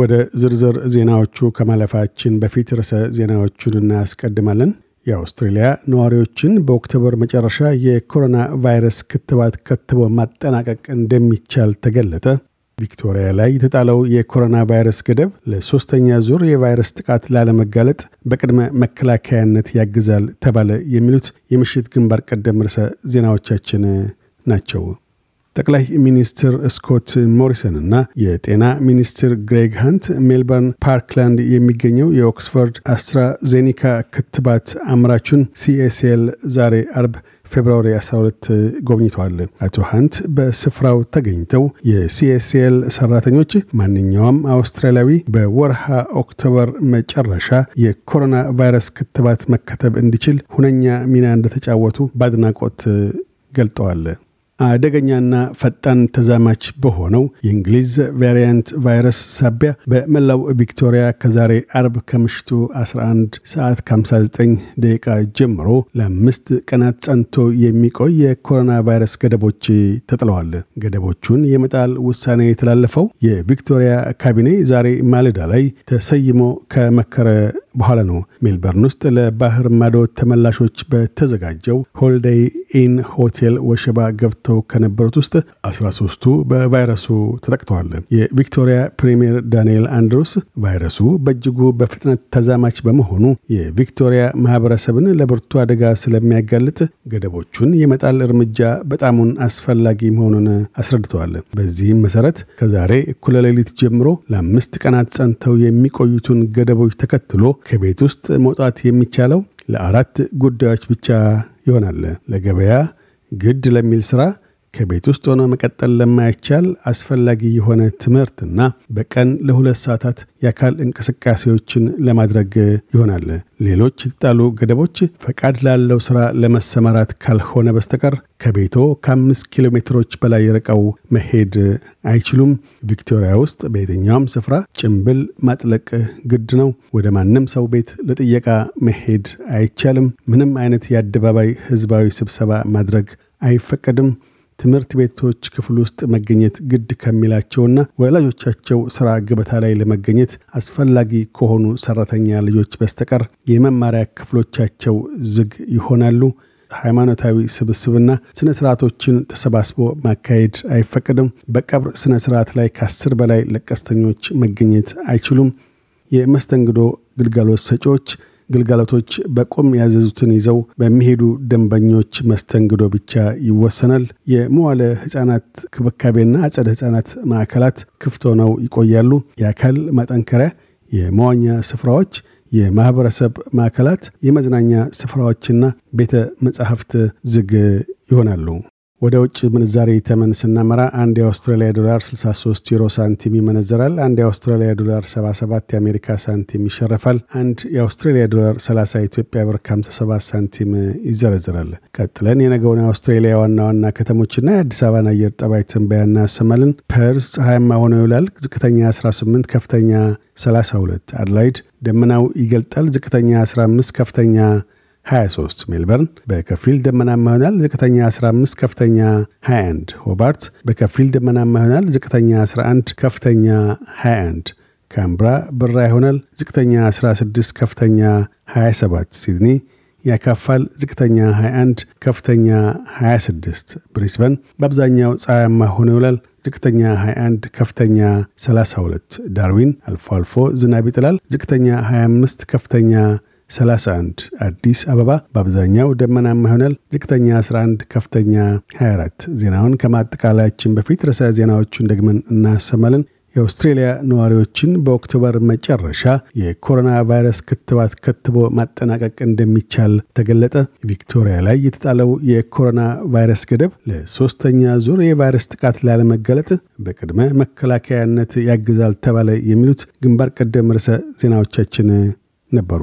ወደ ዝርዝር ዜናዎቹ ከማለፋችን በፊት ርዕሰ ዜናዎቹን እናስቀድማለን። የአውስትሬልያ ነዋሪዎችን በኦክቶበር መጨረሻ የኮሮና ቫይረስ ክትባት ከትቦ ማጠናቀቅ እንደሚቻል ተገለጠ። ቪክቶሪያ ላይ የተጣለው የኮሮና ቫይረስ ገደብ ለሶስተኛ ዙር የቫይረስ ጥቃት ላለመጋለጥ በቅድመ መከላከያነት ያግዛል ተባለ። የሚሉት የምሽት ግንባር ቀደም ርዕሰ ዜናዎቻችን ናቸው። ጠቅላይ ሚኒስትር ስኮት ሞሪሰን እና የጤና ሚኒስትር ግሬግ ሃንት ሜልበርን ፓርክላንድ የሚገኘው የኦክስፎርድ አስትራዜኒካ ክትባት አምራቹን ሲኤስኤል ዛሬ አርብ ፌብርዋሪ 12 ጎብኝተዋል። አቶ ሃንት በስፍራው ተገኝተው የሲኤስኤል ሰራተኞች ማንኛውም አውስትራሊያዊ በወርሃ ኦክቶበር መጨረሻ የኮሮና ቫይረስ ክትባት መከተብ እንዲችል ሁነኛ ሚና እንደተጫወቱ በአድናቆት ገልጠዋል። አደገኛና ፈጣን ተዛማች በሆነው የእንግሊዝ ቫሪያንት ቫይረስ ሳቢያ በመላው ቪክቶሪያ ከዛሬ አርብ ከምሽቱ 11 ሰዓት 59 ደቂቃ ጀምሮ ለአምስት ቀናት ጸንቶ የሚቆይ የኮሮና ቫይረስ ገደቦች ተጥለዋል። ገደቦቹን የመጣል ውሳኔ የተላለፈው የቪክቶሪያ ካቢኔ ዛሬ ማልዳ ላይ ተሰይሞ ከመከረ በኋላ ነው ሜልበርን ውስጥ ለባህር ማዶ ተመላሾች በተዘጋጀው ሆልደይ ኢን ሆቴል ወሸባ ገብተው ከነበሩት ውስጥ 13ቱ በቫይረሱ ተጠቅተዋል። የቪክቶሪያ ፕሪምየር ዳንኤል አንድሮስ ቫይረሱ በእጅጉ በፍጥነት ተዛማች በመሆኑ የቪክቶሪያ ማህበረሰብን ለብርቱ አደጋ ስለሚያጋልጥ ገደቦቹን የመጣል እርምጃ በጣሙን አስፈላጊ መሆኑን አስረድተዋል። በዚህም መሰረት ከዛሬ እኩለ ሌሊት ጀምሮ ለአምስት ቀናት ጸንተው የሚቆዩትን ገደቦች ተከትሎ ከቤት ውስጥ መውጣት የሚቻለው ለአራት ጉዳዮች ብቻ ይሆናል። ለገበያ፣ ግድ ለሚል ስራ። ከቤት ውስጥ ሆኖ መቀጠል ለማይቻል አስፈላጊ የሆነ ትምህርትና በቀን ለሁለት ሰዓታት የአካል እንቅስቃሴዎችን ለማድረግ ይሆናል። ሌሎች የተጣሉ ገደቦች ፈቃድ ላለው ሥራ ለመሰማራት ካልሆነ በስተቀር ከቤቶ ከአምስት ኪሎ ሜትሮች በላይ ርቀው መሄድ አይችሉም። ቪክቶሪያ ውስጥ በየትኛውም ስፍራ ጭምብል ማጥለቅ ግድ ነው። ወደ ማንም ሰው ቤት ለጥየቃ መሄድ አይቻልም። ምንም አይነት የአደባባይ ህዝባዊ ስብሰባ ማድረግ አይፈቀድም። ትምህርት ቤቶች ክፍል ውስጥ መገኘት ግድ ከሚላቸውና ወላጆቻቸው ስራ ገበታ ላይ ለመገኘት አስፈላጊ ከሆኑ ሰራተኛ ልጆች በስተቀር የመማሪያ ክፍሎቻቸው ዝግ ይሆናሉ። ሃይማኖታዊ ስብስብና ስነ ስርዓቶችን ተሰባስቦ ማካሄድ አይፈቀድም። በቀብር ስነ ስርዓት ላይ ከአስር በላይ ለቀስተኞች መገኘት አይችሉም። የመስተንግዶ ግልጋሎት ሰጪዎች ግልጋሎቶች በቁም ያዘዙትን ይዘው በሚሄዱ ደንበኞች መስተንግዶ ብቻ ይወሰናል። የመዋለ ህጻናት ክብካቤና አጸደ ህጻናት ማዕከላት ክፍቶ ነው ይቆያሉ። የአካል ማጠንከሪያ፣ የመዋኛ ስፍራዎች የማህበረሰብ ማዕከላት፣ የመዝናኛ ስፍራዎችና ቤተ መጻሕፍት ዝግ ይሆናሉ። ወደ ውጭ ምንዛሬ ተመን ስናመራ አንድ የአውስትራሊያ ዶላር 63 ዩሮ ሳንቲም ይመነዘራል። አንድ የአውስትራሊያ ዶላር 77 የአሜሪካ ሳንቲም ይሸረፋል። አንድ የአውስትራሊያ ዶላር 30 ኢትዮጵያ ብር 57 ሳንቲም ይዘረዝራል። ቀጥለን የነገውን የአውስትራሊያ ዋና ዋና ከተሞችና የአዲስ አበባን አየር ጠባይ ትንበያ እናሰማልን። ፐርስ ፀሐያማ ሆኖ ይውላል። ዝቅተኛ 18፣ ከፍተኛ 32። አድላይድ ደመናው ይገልጣል። ዝቅተኛ 15፣ ከፍተኛ 23 ሜልበርን በከፊል ደመናማ ይሆናል። ዝቅተኛ 15 ከፍተኛ 21 ሆባርት በከፊል ደመናማ ይሆናል። ዝቅተኛ 11 ከፍተኛ 21 ካምብራ ብራ ይሆናል። ዝቅተኛ 16 ከፍተኛ 27 ሲድኒ ያካፋል። ዝቅተኛ 21 ከፍተኛ 26 ብሪስበን በአብዛኛው ፀሐያማ ሆኖ ይውላል። ዝቅተኛ 21 ከፍተኛ 32 ዳርዊን አልፎ አልፎ ዝናብ ይጥላል። ዝቅተኛ 25 ከፍተኛ 31 አዲስ አበባ በአብዛኛው ደመናማ ይሆናል። ዝቅተኛ 11፣ ከፍተኛ 24። ዜናውን ከማጠቃለያችን በፊት ርዕሰ ዜናዎቹን ደግመን እናሰማለን። የአውስትሬልያ ነዋሪዎችን በኦክቶበር መጨረሻ የኮሮና ቫይረስ ክትባት ከትቦ ማጠናቀቅ እንደሚቻል ተገለጠ። ቪክቶሪያ ላይ የተጣለው የኮሮና ቫይረስ ገደብ ለሶስተኛ ዙር የቫይረስ ጥቃት ላለመገለጥ በቅድመ መከላከያነት ያግዛል ተባለ። የሚሉት ግንባር ቀደም ርዕሰ ዜናዎቻችን ነበሩ።